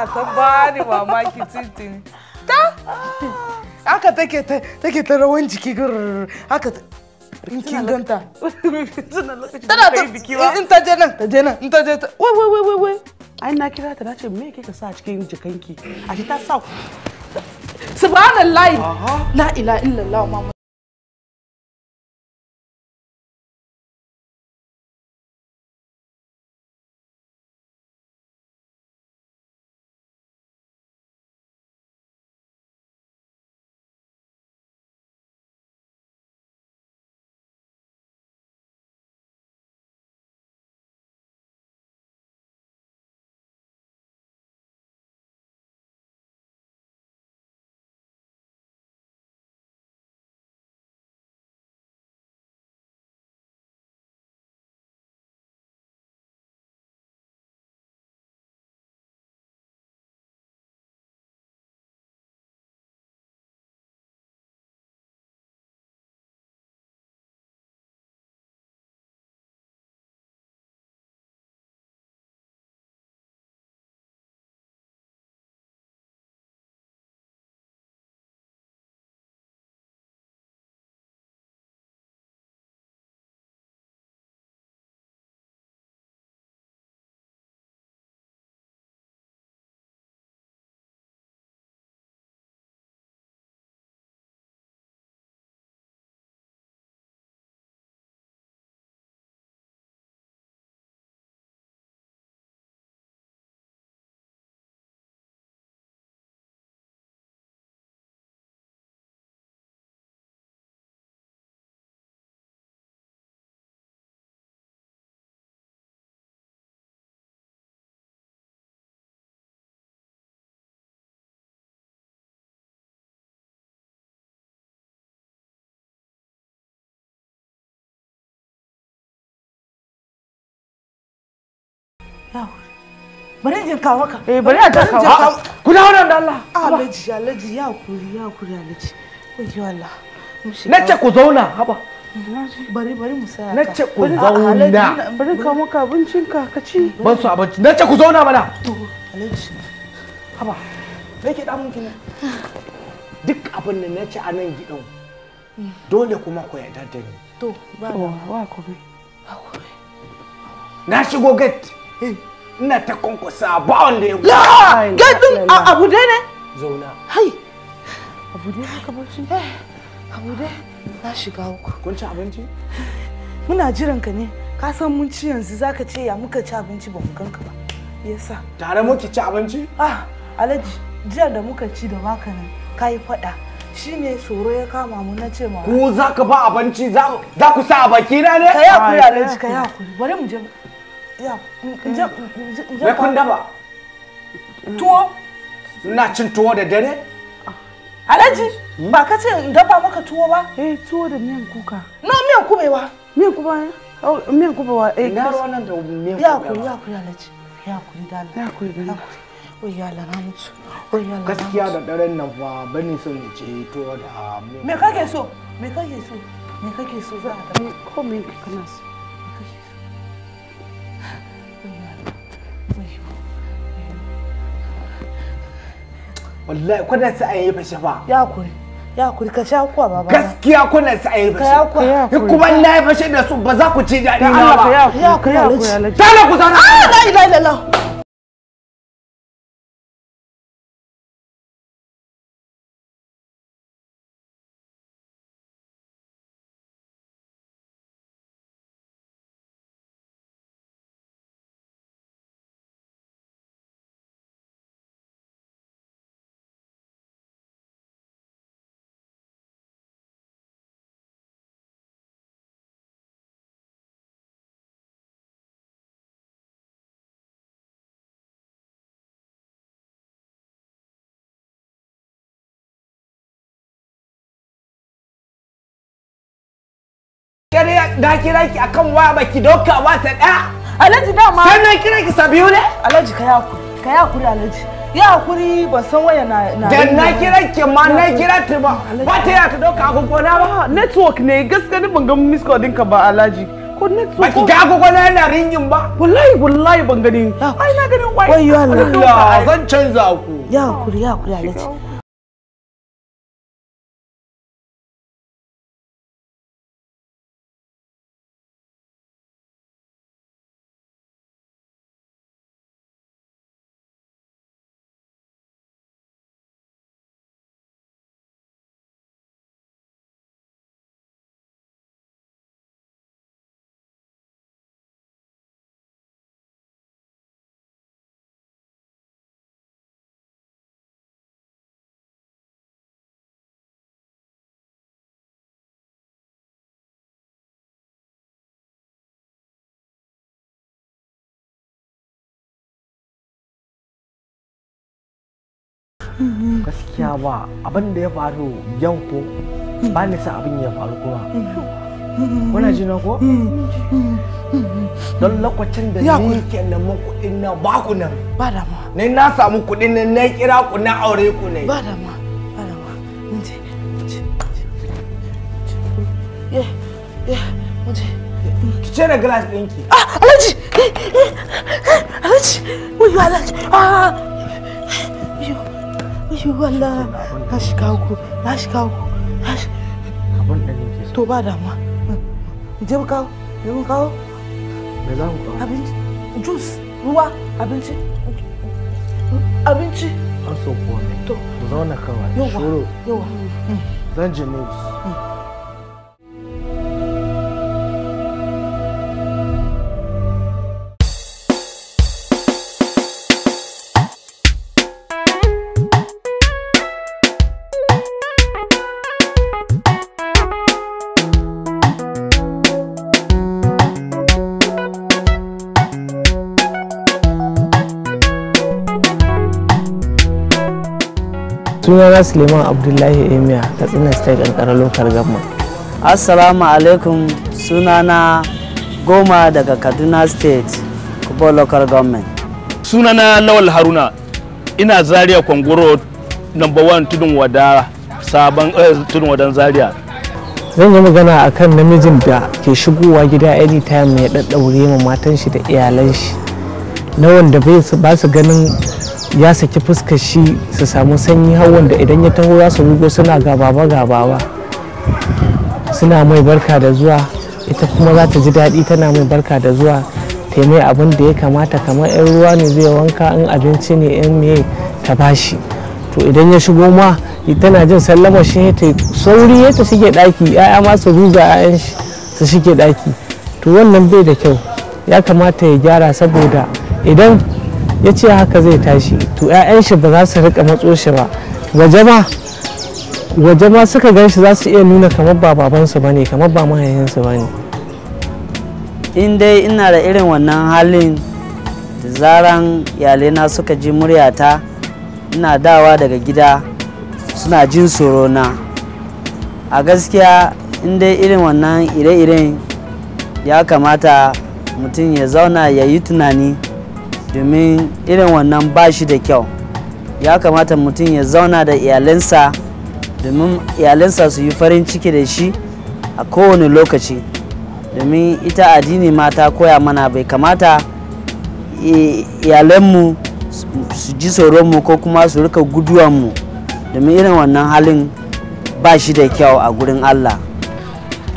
na ta bani mamaki tintini ta Aka take ta take ta rawan jiki gurr haka in kin ganta tana ta in ta je nan ta je nan in ta je ta wai wai wai wai ai na kira ta nace me kike sa a cikin jikanki a ta sa subhanallahi la ilaha illallah mama. bari jin kawo ka eh bari a taka ku Allah ah, alaji alaji ya kuri ya kuri alaji wallah nace ku zauna haba bari bari mu saya nace ku ah, zauna bari ka maka abincin ka ka ci ban abinci nace ku zauna alaji haba me ke duk abin da nace a nan gidan dole kuma ku yarda da ni to ba wa ku na shigo gate Eh, ina ta kwankwasa ba wanda ya gudu gai din a abu dai ne zauna hai abu dai haka bacci eh. abu dai na shiga uku kun ci abinci muna jiran ka ne ka san mun ci yanzu zaka ce ya muka ci abinci ba mu ganka ba yasa tare muke ci abinci ah alhaji jiya da muka ci da baka nan kai fada shine tsoro ya kama mu na ce ma ku zaka ba abinci za ku sa a baki na ne kai hakuri alhaji kai hakuri bari mu je Mm. Wai kun dafa? Tuwo? Na cin tuwo da dare? Alhaji, mm. ba ka ce in dafa maka tuwo ba? Eh, tuwo da miyan kuka. Na miyan kubewa. Miyan kubewa? Oh, miyan eh, na ruwan nan da miyan kubewa. Ya kuri, ya kuri Alhaji. Ya Ya kuri dala. Oyala wallahi kuna sa ayi fashe ya kuri ya kuri ka sha kuwa baba gaskiya kuna sa ayi fashe ka kuma na yi fashe da su ba za ku ci daɗi na ba ya kuri ya kuri ta ku zauna ah la Kare na kira ki akan waya ba ki dauka ba ta ɗaya. Alhaji da ma. Sannan kira ki sabiyu ne? Alhaji ka yakuri, ka yakuri Alhaji. Ya hakuri ba san waya na na. Da na kira ki ma na kira ta ba. Ba ta ya ta dauka agogo na ba. Ah, network ne gaskiya ni ban ga miss call ɗinka ba Alhaji. Ko network. Baki ga agogo na yana ringin ba. Wallahi wallahi ban gani. Ai na ganin waya. Wai Allah. Allah zan canza ku. Ya hakuri ya hakuri Alhaji. gaskiya ba abin da ya faru yau ko ba ni sa abin ya faru kuma kuna jina ko don lokacin da ni ke neman kuɗin na ba ku nan ba da ma ni na samu kuɗin nan na kira ku na aure ku ne ba da ma ba da ma mun je ye ye mun je ki cire glass ɗinki ah alhaji eh, eh, ah, alhaji wuyu alhaji ah, shi wallah na shiga na shiga na shiga to ba dama je mu kawo je mu kawo me za mu kawo abinci ruwa abinci abinci an so kuwa to zauna kawai shuru zan je ne sunana suleiman abdullahi emir katsina state kankara local government assalamu alaikum sunana goma daga kaduna state kubo local government sunana lawal haruna ina zaria kwangoro number one tudun wada sabon eh, tudun wadan zaria zan yi magana akan namijin da ke shigowa gida anytime ya ɗaɗɗaure ma matan shi da iyalan shi na wanda ba su ganin ya saki fuskar shi su samu sanyi har wanda idan ya taho ya su rugo suna gababa gababa suna mai barka da zuwa ita kuma za ta ji daɗi tana mai barka da zuwa ta mai abin da ya kamata kamar yan ruwa ne zai wanka in abinci ne in me ta bashi to idan ya shigo ma tana jin sallama shi ta sauri ya ta shige ɗaki ya'ya ma su ruga 'ya'yan su shige ɗaki to wannan bai da kyau ya kamata ya gyara saboda idan ya ce haka zai tashi to 'ya'yan shi ba za su rika matso shi ba waje ma suka gan shi za su iya nuna kamar ba babansu ba ne kamar ba mahaifinsu ba ne in dai ina da irin wannan halin da zaran yalena suka ji muryata ina dawa daga gida suna jin tsoro a gaskiya in dai irin wannan ire-iren ya kamata mutum ya zauna ya yi tunani domin irin wannan ba shi da kyau ya kamata mutum ya zauna da iyalinsa domin iyalinsa su yi farin ciki da shi a kowane lokaci domin ita addini mata koya mana bai kamata iyalanmu su ji mu ko kuma su rika guduwanmu domin irin wannan halin ba shi da kyau a gurin allah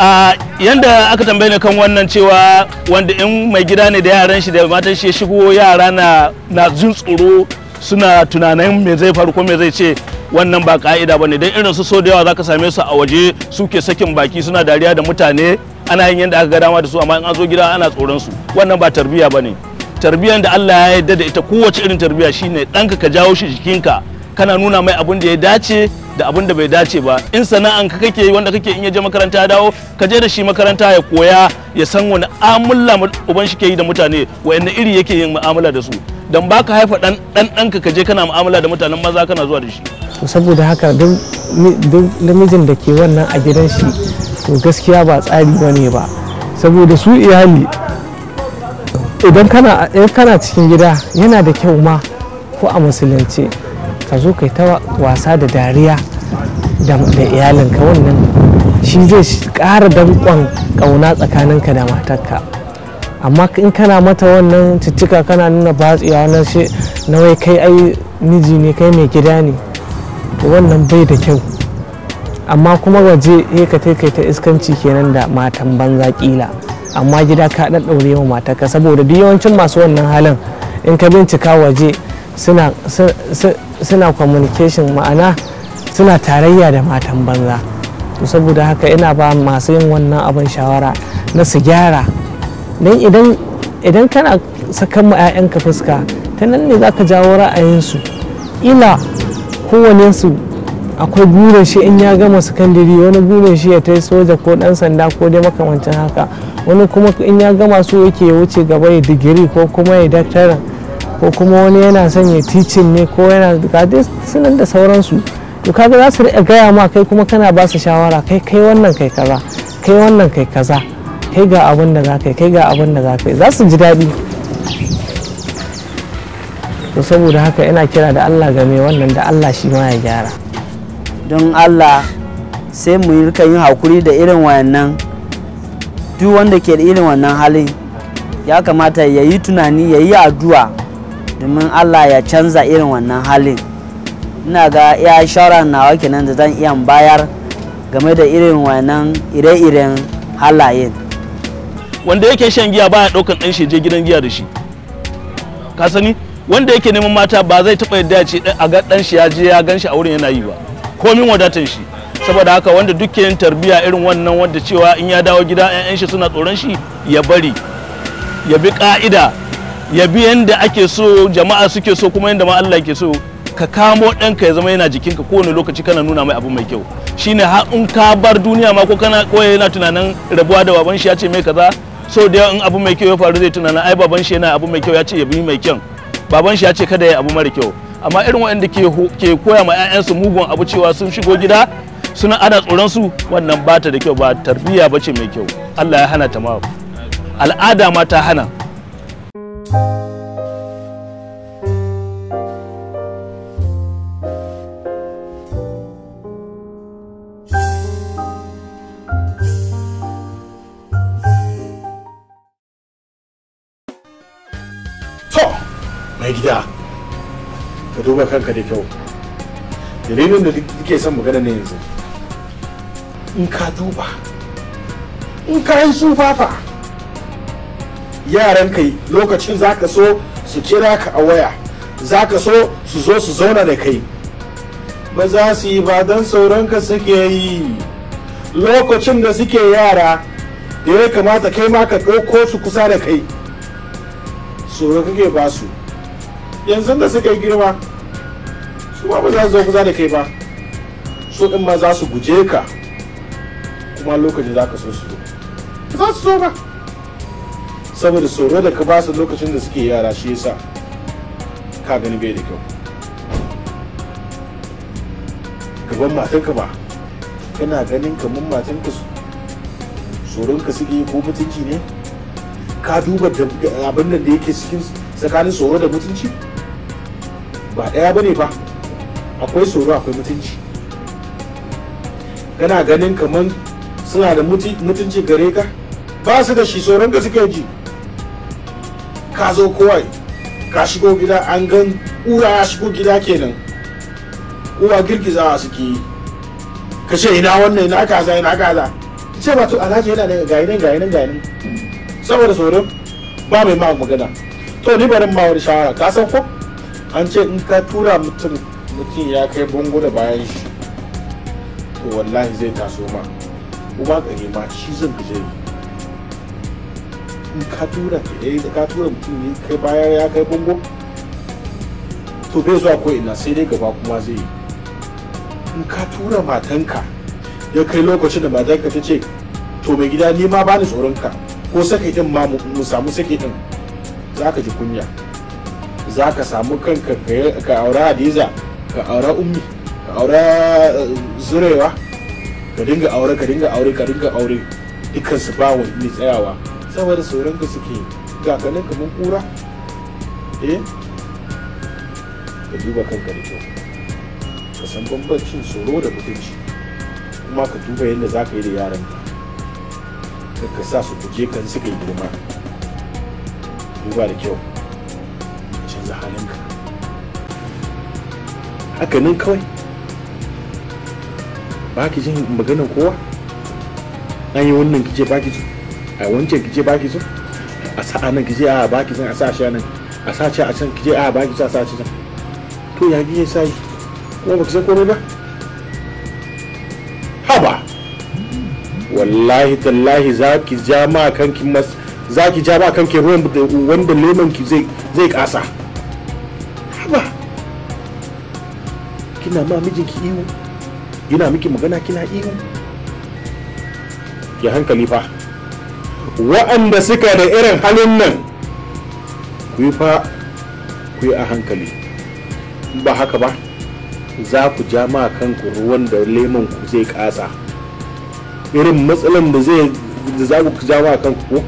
a yanda aka tambaye ni kan wannan cewa wanda in mai gida ne da yaran shi da matan shi ya shigo yara na na jin tsoro suna tunanin me zai faru ko me zai ce wannan ba ka'ida bane dan irin su so da yawa zaka same su a waje suke sakin baki suna dariya da mutane ana yin yanda aka ga dama da su amma in an zo gida ana tsoron su wannan ba tarbiya bane tarbiyan da Allah ya yarda da ita kowace irin tarbiya shine ɗanka ka jawo shi jikinka kana nuna mai abun da ya dace da abin da bai dace ba in sana'an ka kake yi wanda kake in ya je makaranta ya dawo ka je da shi makaranta ya koya ya san wani amulla uban shi ke yi da mutane wayanne iri yake yin mu'amala da su dan baka haifa dan dan ka je kana mu'amala da mutanen maza kana zuwa da shi to saboda haka duk namijin da ke wannan a gidan shi to gaskiya ba tsari bane ba saboda su iyali idan kana eh, cikin gida yana da kyau ma ko a musulunci. ka zo kai ta wasa da dariya da iyalinka wannan shi zai ƙara danƙon ƙauna tsakaninka da matarka amma in kana mata wannan ciccika kana nuna batsiya na shi na wai kai ai miji ne kai mai gida ne to wannan bai da kyau amma kuma waje ya eh, ka kai ta iskanci kenan da matan banza kila amma gida ka ɗan ɗaure wa matarka saboda duk yawancin masu wannan halin in ka bincika waje suna suna communication ma'ana suna tarayya da matan banza to saboda haka ina ba masu yin wannan abin shawara na su gyara don idan kana sakan mu 'ya'yanka fuska ta nan ne za ka jawo ra'ayinsu ila kowanensu akwai burin shi in ya gama sakandare wani burin shi ya ta soja ko dan sanda ko dai makamancin haka wani kuma in ya gama so yake ya wuce gaba ya digiri ko kuma ya daktarin ko kuma wani yana son ya ticin ne ko yana gade sunan da sauransu to kaga za su riƙa gaya ma kai kuma kana ba su shawara kai kai wannan kai kaza kai wannan kai kaza kai ga abin da za kai, kai ga abin da za kai. za su ji daɗi to saboda haka ina kira da Allah game wannan da Allah shi ma ya gyara don Allah sai mu yi yin hakuri da irin wayannan duk wanda ke da irin wannan halin ya kamata ya yi tunani ya yi addu'a domin allah ya canza irin wannan halin ina ga ya shawara nawa kenan da zan iya bayar game da irin wannan ire-iren halayen wanda yake shan giya baya daukan dan shi je gidan giya da shi ka sani wanda yake neman mata ba zai taba yadda ya ce a ga dan shi ya je ya gan a wurin yana yi ba komin wadatan shi saboda haka wanda duke yin tarbiya irin wannan wanda cewa in ya dawo gida 'ya'yan shi suna tsoron shi ya bari ya bi ka'ida ya bi yanda ake so jama'a suke so kuma yanda ma Allah ke so ka kamo ɗanka ya zama yana jikinka kowane lokaci kana nuna mai abu mai kyau shine har in ka bar duniya ma ko kana ko yana tunanin rabuwa da baban shi ya ce mai kaza so da in abu mai kyau ya faru zai tunanin ai baban shi yana abu mai kyau ya ce ya bi mai kyau baban shi ya ce kada ya abu mara kyau amma irin waɗanda ke koya ma 'ya'yansu mugun abu cewa sun shigo gida suna ana tsoron su wannan bata da kyau ba tarbiyya bace mai kyau Allah ya hana ta ma al'ada ma ta hana mai gida ka duba kanka da kyau dalilin da kake son magana ne yaran kai lokacin za ka so su kira ka a waya za ka so su zo su zauna da kai ba za su yi ba don sauranka suke yi lokacin da suke yara da ya kamata kai ma ka ɗauko su kusa da kai tsoro kake ba su yanzu da suka yi girma su ba za su zo kusa da kai ba su ɗin ma za su guje ka kuma lokacin za ka so su zo za su zo ba saboda tsoro da ka basu lokacin da suke yara shi yasa ka gani bai da kyau gaban matanka ba kana ganin kamar matanka tsoronka suke ko mutunci ne ka duba abin da yake cikin tsakanin tsoro da mutunci ba ɗaya ba ne ba akwai tsoro akwai mutunci kana ganin kamar suna da mutunci gare ka ba su da shi tsoron ka suke ji ka zo kawai ka shigo gida an gan ura ya shigo gida kenan uwa girgizawa suke yi ka ce ina wannan ina kaza ina kaza ce ba to alhaji yana da gayi nan gayi nan gayi nan saboda tsoron ba mai ma magana to ni barin ma wani shawara ka san ko an ce in ka tura mutum mutum ya kai bango da bayan shi to wallahi zai taso ma kuma ka ma shi zan bi zai yi. in ka tura eh ka tura mutum ne kai baya ya kai bango to bai zuwa ko ina sai dai gaba kuma zai yi in ka tura matanka ya kai lokacin da matanka ta ce to mai gida ni ma bani tsoron ka ko sake din ma mu samu sake din za ka ji kunya za ka samu kanka ka aura hadiza ka aura ummi ka aura eh, zurewa ka dinga aure ka dinga aure ka dinga aure dukansu ba wani tsayawa saboda tsoron da suke gaganin kamar kura eh ka duba kanka da kyau ka san bambancin tsoro da mutunci kuma ka duba yadda za ka yi da yaran ka ka sa su kuje kan suka yi girma duba da kyau ka canza halinka haka nan kawai ba ki jin maganar kowa an yi wannan kije ba ki jin a wance kije baki so a sa'a nan kije a baki sun a sa shi nan a sa shi a can kije a baki a sa shi nan to ya kije sai kuma baki san komai ba haba wallahi tallahi zaki ja ma kanki mas zaki ja ma kanki ruwan wanda leman ki zai zai kasa haba kina ma mijinki iwo yana miki magana kina iwo ya hankali fa waɗanda suka da irin halin nan ku yi fa ku yi a hankali ba haka ba za ku ja ma kanku ruwan da lemon ku zai ƙasa irin matsalan da zai da za ku ja ma kanku ko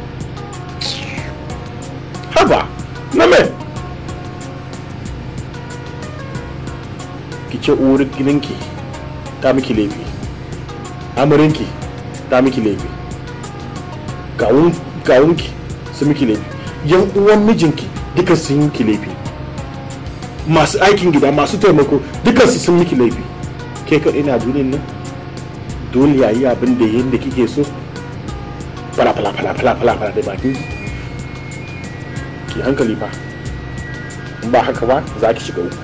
haba na me ki ce uri gininki ta miki laifi amurinki ta miki laifi kawunki sun miki laifi yan uwan mijinki duka sun miki laifi masu aikin gida masu taimako duka su sun miki laifi ke kaɗai na duniyan nan dole yayi abin da yadda kike so fala fala fala fala fala fala da bakin ki hankali fa ba haka ba za ki shiga uku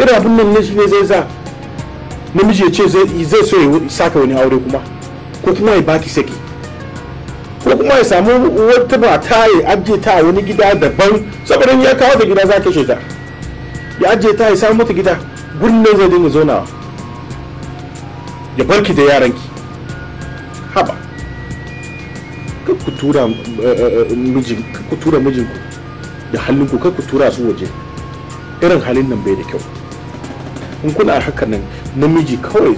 irin abin nan ne zai za namiji ya ce zai so ya saka wani aure kuma ko kuma ya baki saki kuma ya samu wata ta yi ajiye ta wani gida daban saboda ya kawo da gida za ta ta ya ajiye ta ya samu mata gida gurin zai dinga zonawa ya barki da ki haba kar ku tura eh, eh, mijin ku mijinku da hannunku ku tura su waje irin halin nan bai da kyau in kuna hakanan nan namiji kawai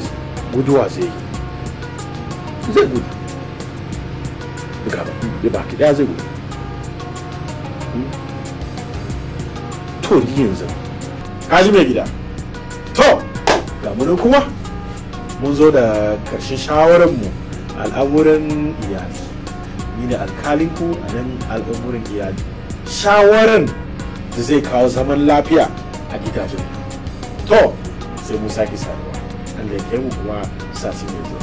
guduwa zai yi zai gudu da baki daya zai gudu hmm? to ni yanzu ka ji mai gida to ga mu kuma mun zo da karshen shawararmu al'amuran iyali ni da alkalinku a nan al'amuran iyali shawaran da zai kawo zaman lafiya a gidajen to sai mu sake saduwa an da ya kai mu kuma sasi mai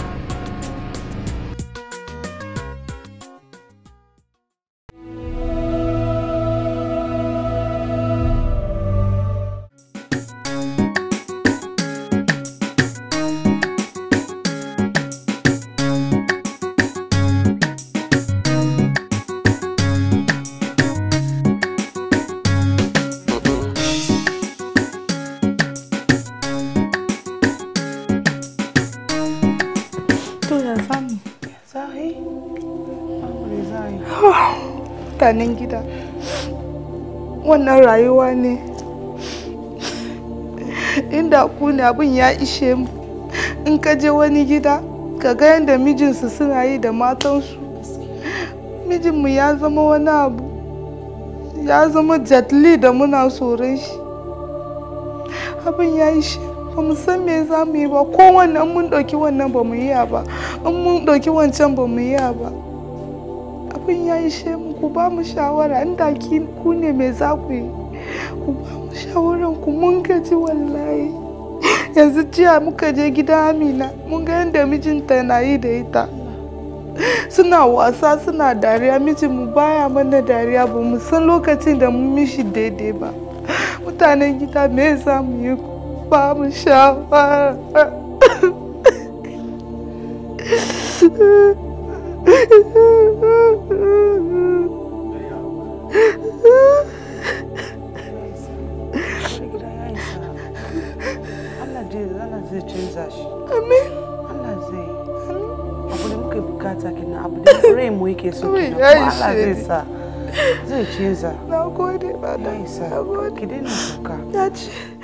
mutanen gida wannan rayuwa ne inda ku ne abin ya ishe mu in ka je wani gida ka ga yadda mijinsu suna yi da matansu mijinmu ya zama wani abu ya zama jatli da muna tsoron shi abin ya ishe ba mu san me za mu yi ba ko an mun ɗauki wannan ba mu yi ba in mun ɗauki wancan ba mu yi ba abin ya ishe mu ku ba mu shawara in da ku ne me za ku yi ku ba mu shawaran ku mun gaji wallahi yanzu jiya muka je gida amina mun ga yadda mijinta na yi da ita suna wasa suna dariya mu baya mana dariya ba mu san lokacin da mun mishi daidai ba mutanen gida me za mu yi ba mu shawara ya yi shi zai ciza na gode ba da isa ki daina kuka ya ce